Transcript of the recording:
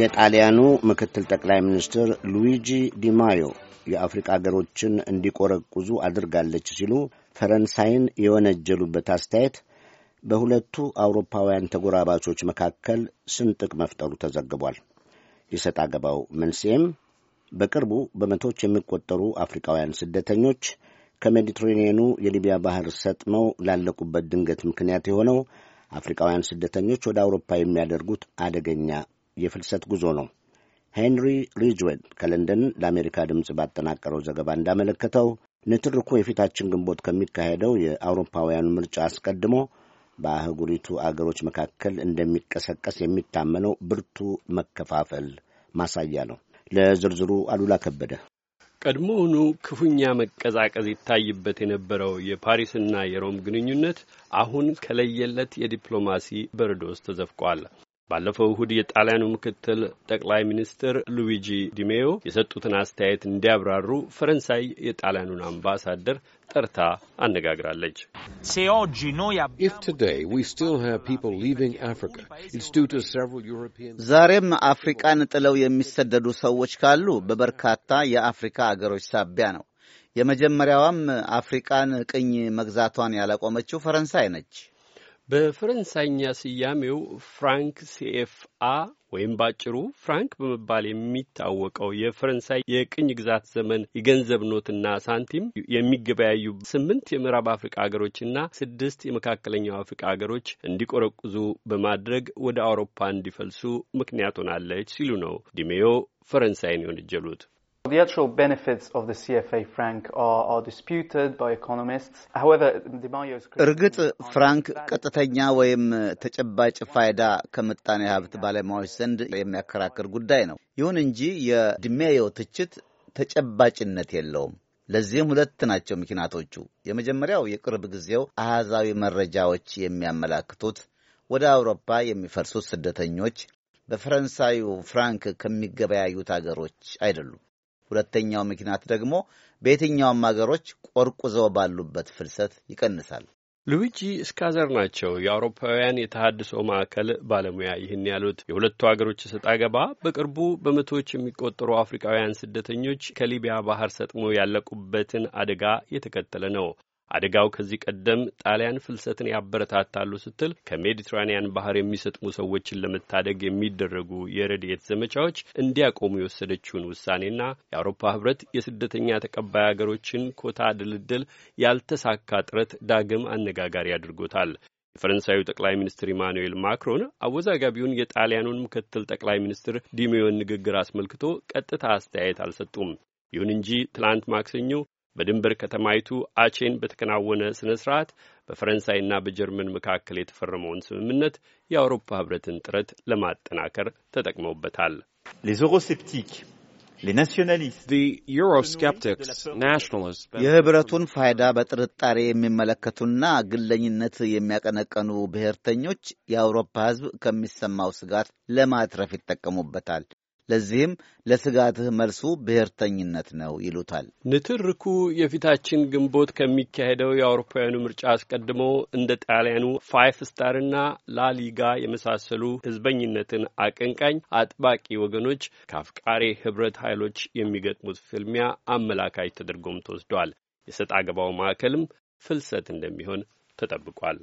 የጣሊያኑ ምክትል ጠቅላይ ሚኒስትር ሉዊጂ ዲማዮ የአፍሪቃ አገሮችን እንዲቆረቁዙ አድርጋለች ሲሉ ፈረንሳይን የወነጀሉበት አስተያየት በሁለቱ አውሮፓውያን ተጎራባቾች መካከል ስንጥቅ መፍጠሩ ተዘግቧል። የሰጥ አገባው መንስኤም በቅርቡ በመቶዎች የሚቆጠሩ አፍሪካውያን ስደተኞች ከሜዲትሬኒየኑ የሊቢያ ባህር ሰጥመው ላለቁበት ድንገት ምክንያት የሆነው አፍሪካውያን ስደተኞች ወደ አውሮፓ የሚያደርጉት አደገኛ የፍልሰት ጉዞ ነው። ሄንሪ ሪጅዌል ከለንደን ለአሜሪካ ድምፅ ባጠናቀረው ዘገባ እንዳመለከተው ንትርኩ የፊታችን ግንቦት ከሚካሄደው የአውሮፓውያኑ ምርጫ አስቀድሞ በአህጉሪቱ አገሮች መካከል እንደሚቀሰቀስ የሚታመነው ብርቱ መከፋፈል ማሳያ ነው። ለዝርዝሩ አሉላ ከበደ ቀድሞውኑ ክፉኛ መቀዛቀዝ ይታይበት የነበረው የፓሪስና የሮም ግንኙነት አሁን ከለየለት የዲፕሎማሲ በርዶስ ተዘፍቋል። ባለፈው እሁድ የጣሊያኑ ምክትል ጠቅላይ ሚኒስትር ሉዊጂ ዲሜዮ የሰጡትን አስተያየት እንዲያብራሩ ፈረንሳይ የጣሊያኑን አምባሳደር ጠርታ አነጋግራለች። ዛሬም አፍሪቃን ጥለው የሚሰደዱ ሰዎች ካሉ በበርካታ የአፍሪካ አገሮች ሳቢያ ነው። የመጀመሪያዋም አፍሪቃን ቅኝ መግዛቷን ያላቆመችው ፈረንሳይ ነች። በፈረንሳይኛ ስያሜው ፍራንክ ሲኤፍአ ወይም ባጭሩ ፍራንክ በመባል የሚታወቀው የፈረንሳይ የቅኝ ግዛት ዘመን የገንዘብ ኖትና ሳንቲም የሚገበያዩ ስምንት የምዕራብ አፍሪቃ ሀገሮችና ስድስት የመካከለኛው አፍሪቃ ሀገሮች እንዲቆረቁዙ በማድረግ ወደ አውሮፓ እንዲፈልሱ ምክንያት ሆናለች ሲሉ ነው ዲሜዮ ፈረንሳይን የወነጀሉት። The actual benefits of the CFA franc are, are disputed by economists. However, እርግጥ ፍራንክ ቀጥተኛ ወይም ተጨባጭ ፋይዳ ከምጣኔ ሀብት ባለሙያዎች ዘንድ የሚያከራክር ጉዳይ ነው። ይሁን እንጂ የድሜዮ ትችት ተጨባጭነት የለውም። ለዚህም ሁለት ናቸው ምክንያቶቹ። የመጀመሪያው የቅርብ ጊዜው አሃዛዊ መረጃዎች የሚያመላክቱት ወደ አውሮፓ የሚፈርሱት ስደተኞች በፈረንሳዩ ፍራንክ ከሚገበያዩት አገሮች አይደሉም። ሁለተኛው ምክንያት ደግሞ በየትኛውም አገሮች ቆርቁዘው ባሉበት ፍልሰት ይቀንሳል። ሉዊጂ እስካዘር ናቸው የአውሮፓውያን የተሃድሶ ማዕከል ባለሙያ ይህን ያሉት። የሁለቱ አገሮች እሰጥ አገባ በቅርቡ በመቶዎች የሚቆጠሩ አፍሪካውያን ስደተኞች ከሊቢያ ባህር ሰጥሞ ያለቁበትን አደጋ የተከተለ ነው። አደጋው ከዚህ ቀደም ጣሊያን ፍልሰትን ያበረታታሉ ስትል ከሜዲትራኒያን ባህር የሚሰጥሙ ሰዎችን ለመታደግ የሚደረጉ የረድኤት ዘመቻዎች እንዲያቆሙ የወሰደችውን ውሳኔና የአውሮፓ ህብረት የስደተኛ ተቀባይ አገሮችን ኮታ ድልድል ያልተሳካ ጥረት ዳግም አነጋጋሪ አድርጎታል። የፈረንሳዩ ጠቅላይ ሚኒስትር ኢማኑኤል ማክሮን አወዛጋቢውን የጣሊያኑን ምክትል ጠቅላይ ሚኒስትር ዲሜዮን ንግግር አስመልክቶ ቀጥታ አስተያየት አልሰጡም። ይሁን እንጂ ትላንት ማክሰኞ በድንበር ከተማይቱ አቼን በተከናወነ ስነ ስርዓት በፈረንሳይና በጀርመን መካከል የተፈረመውን ስምምነት የአውሮፓ ህብረትን ጥረት ለማጠናከር ተጠቅመውበታል። የህብረቱን ፋይዳ በጥርጣሬ የሚመለከቱና ግለኝነት የሚያቀነቀኑ ብሔርተኞች የአውሮፓ ህዝብ ከሚሰማው ስጋት ለማትረፍ ይጠቀሙበታል። ለዚህም ለስጋትህ መልሱ ብሔርተኝነት ነው ይሉታል። ንትርኩ የፊታችን ግንቦት ከሚካሄደው የአውሮፓውያኑ ምርጫ አስቀድሞ እንደ ጣሊያኑ ፋይፍ ስታርና ላሊጋ የመሳሰሉ ህዝበኝነትን አቀንቃኝ አጥባቂ ወገኖች ከአፍቃሪ ህብረት ኃይሎች የሚገጥሙት ፍልሚያ አመላካች ተደርጎም ተወስዷል። የሰጥ አገባው ማዕከልም ፍልሰት እንደሚሆን ተጠብቋል።